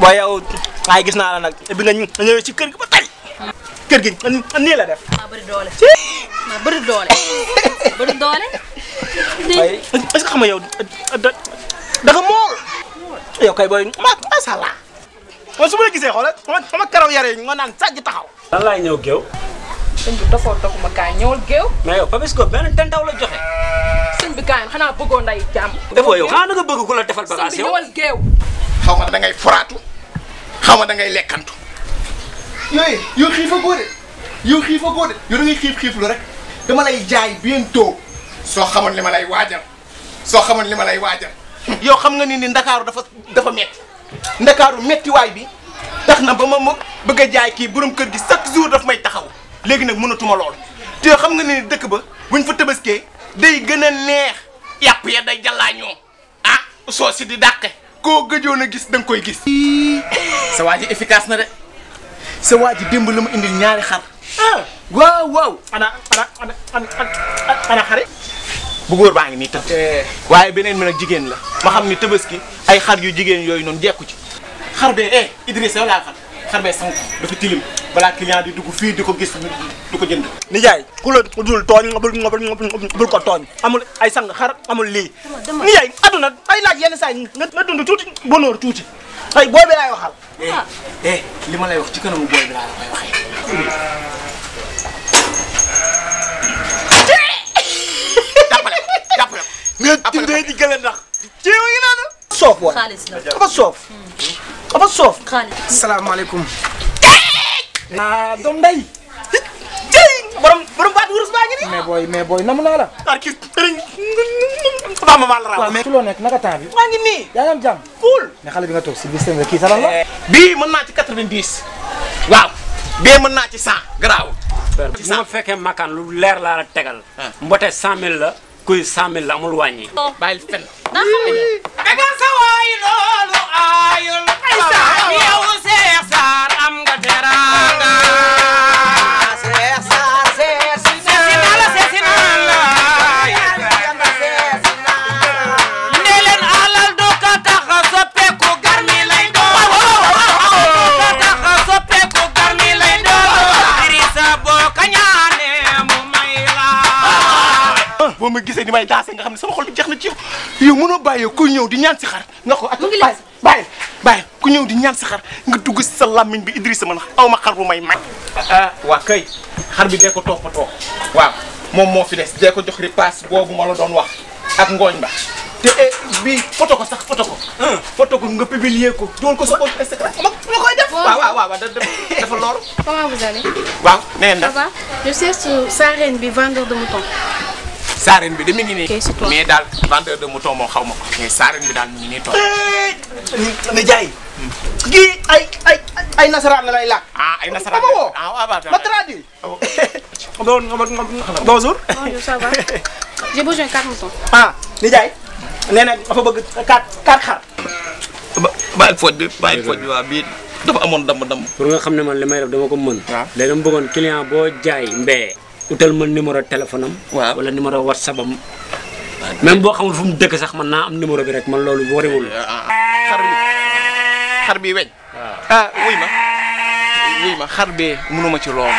waaye yow ay gis naa la nag bi nga ñëwee ci kër gi ba tey kër gi man nii la def. maa bëri doole maa bëri doole bëri doole. waaye est-ce que yow da nga mool. yow kay booy macha allah man su ma la gisee xoolal sama karaw yare yi nga naan taxaw. lan ñëw bi mais yow la bi nday yow nga bëgg la defal bagage yow ñëwal xaw da ngay foraatu xaw ma da lekkantu yooyu yow xiifa goo de yow xiifa rek dama lay jaay bientôt soo xamoon li ma lay waajal soo xamoon li ma lay waajal yow xam nga ni ni ndakaaru dafa dafa metti ndakaaru mettiwaay bi tax na ba ma ma bëgg a jaay kii borom kër gi chaque jour daf may taxaw léegi nag mënatuma lool te xam nga ni dëkk ba buñ fa tëbaskee day gën a neex yàpp ya day jàllaa ñoo ah, soo si di dàqe koo gëjoon a gis da nga koy gis. sa waa ji efficace na de sa waa ji démb la mu indil ñaari xar. Ah. waaw waaw. ana ana ana ana xare. bu góor baa ngi nii eh. waaye beneen bi nag jigéen la. ma xam ni tabaski ay xar yu jigéen yooyu noonu jekku ci. xar bee eh Idrissa yow laa xar bay sànq dafa tilim balaa client di dugg fii di ko gis du ko jënd. nijaay ku la dul tooñ nga bul nga bul ko tooñ amul ay sang xar amul lii. nijaay aduna ay laaj yenn saa yi nga dund tuuti bonheur tuuti ay booy bi laay waxal. Eh, eh li ma lay wax ci kanamu booy bi laa la koy waxee. nga dindee di gën a ndax. ci yow yi naan. soof wala dafa soof. Hmm. dafa soof. salaamaaleykum. ah doom ndey. borom borom baat wurus baa ngi nii. mais booy mais booy namu naa la. ah kii papa ma maa la waaw mais ci loo nekk naka temps bi. maa ngi nii. yaa ngi am jàmm. cool. mais xale bi nga toog si biir semaine kii sa lan la. bii mën naa ci quatre-vingt-dix. waaw bee mën naa ci cent garaaw. ci cent bu ma fekkee makaan lu leer laa la tegal. Ah. mbote cent mille la. kuy cent mille la amul wàññi. Oh. bàyyil fenn. daa xam ne da nga sa waay loolu aayul. boo ma gisee ni may daase nga xam ne sama xol bi jeex na ci yow yow mënoo bàyyi kuy ñëw di ñaan si xar nga ko ak bàyyi bàyyi bàyyi ku ñëw di ñaan sa xar nga dugg si sa làmmiñ bi Idrissa man aw ma xar bu may may. ah waa kay xar bi dee ko toppatoo waaw moom moo fi des dee ko jox ripaas boobu ma la doon wax ak ngooñ ba te eh, bii foto ko sax foto ko. Hmm. foto ko nga publier ko. doon ko ma def. loolu. waaw nee na. ça va je bi vendeur de mouton. saareen bi de mi ngi nii. daal vendeur de mouton moom xaw ma ko bi daal mi ngi nii toog. Eh, na hmm. ay nasaraan la lay ah, ay nasaraan la ah ma traduit. bonjour. bonjour ça va. j'ai besoin quatre moutons. ah nijaay. nee na bëgg quatre quatre xar. ba bàyyi fooj bi bàyyi waa bii dafa amoon damm damm. nga xam ne man li may dama ko mën. waaw ah. léegi dama bëggoon mbee. utal ma numéro téléphone am. waaw wala numéro whatsapp am. même boo xamul fu mu dëkk sax man naa am numéro bi rek man loolu wariwul. Ah, ah, ah. xar bi xar bi weñ. ah wuy ma ma xar bee mënuma ci loolu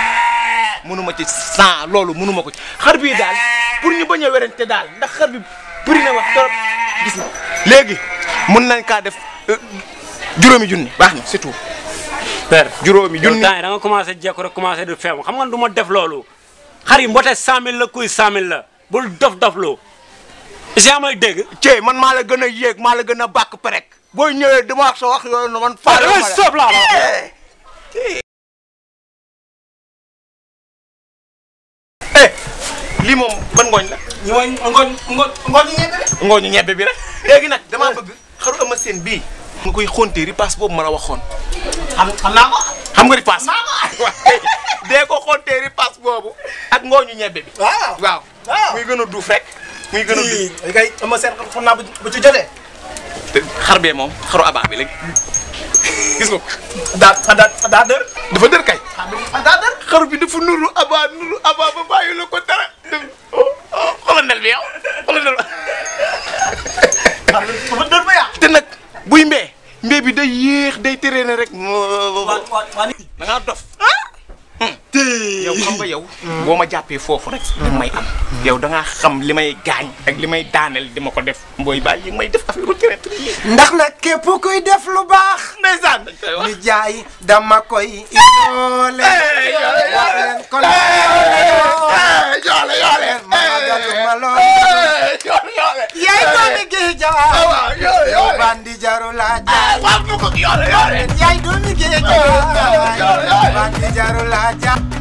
mënuma ci sans loolu mënuma ko ci xar bii daal pour ñi bañ a werante daal ndax xar bi bëri na wax gis na léegi mën nañ kaa def euh, juróomi junni baax na c'est tout. père juróomi junni yow temps da nga commencé jékku rek commencé du feew xam nga du ma def loolu. xari mbote 100000 la kuy 100000 la bul dof dof lo jamay deg ci man ma la gëna yegg ma la gëna bak perek boy ñëwé dama wax sa wax yoy no man fa dama stop la ah, eh li mom ban ngoñ la ngoñ ngoñ ngoñ ñebe ngoñ ñebe bi rek legi nak dama bëgg xaru ama seen bi nga koy xonté ripass bobu ma waxon xam xam nako xam nga ripass dee ko xonteeri pass boobu ak ngooñu ñebe bi. waaw waaw. muy gën a duuf rek. muy gën a duuf kay ama seen xam naa bu ci jotee. xar bee moom xaru abaa bi léegi gis nga ko. daa daa daa dër. dafa dër kay. Ah, daa dër xaru bi dafa nuru abaa nuru abaa ba Oh, la ko dara. Oh, oh, xoolal ndel bi yow xoolal ndel ba ah, dër ba yàq. te nag buy mbee mbee bi day yéex day tere ne rek. da ngaa dof. yow xam nga yow. boo ma jàppee foofu rek. danga may am. yow da ngaa xam li may gaañ. ak li may daaneel di ma ko def. mbooy bàyyi yi may def affaire traite. ndax nag képp kuy def lu baax. ndeysaan li yaay doomi géej jawaar. yoole bandi jaru laa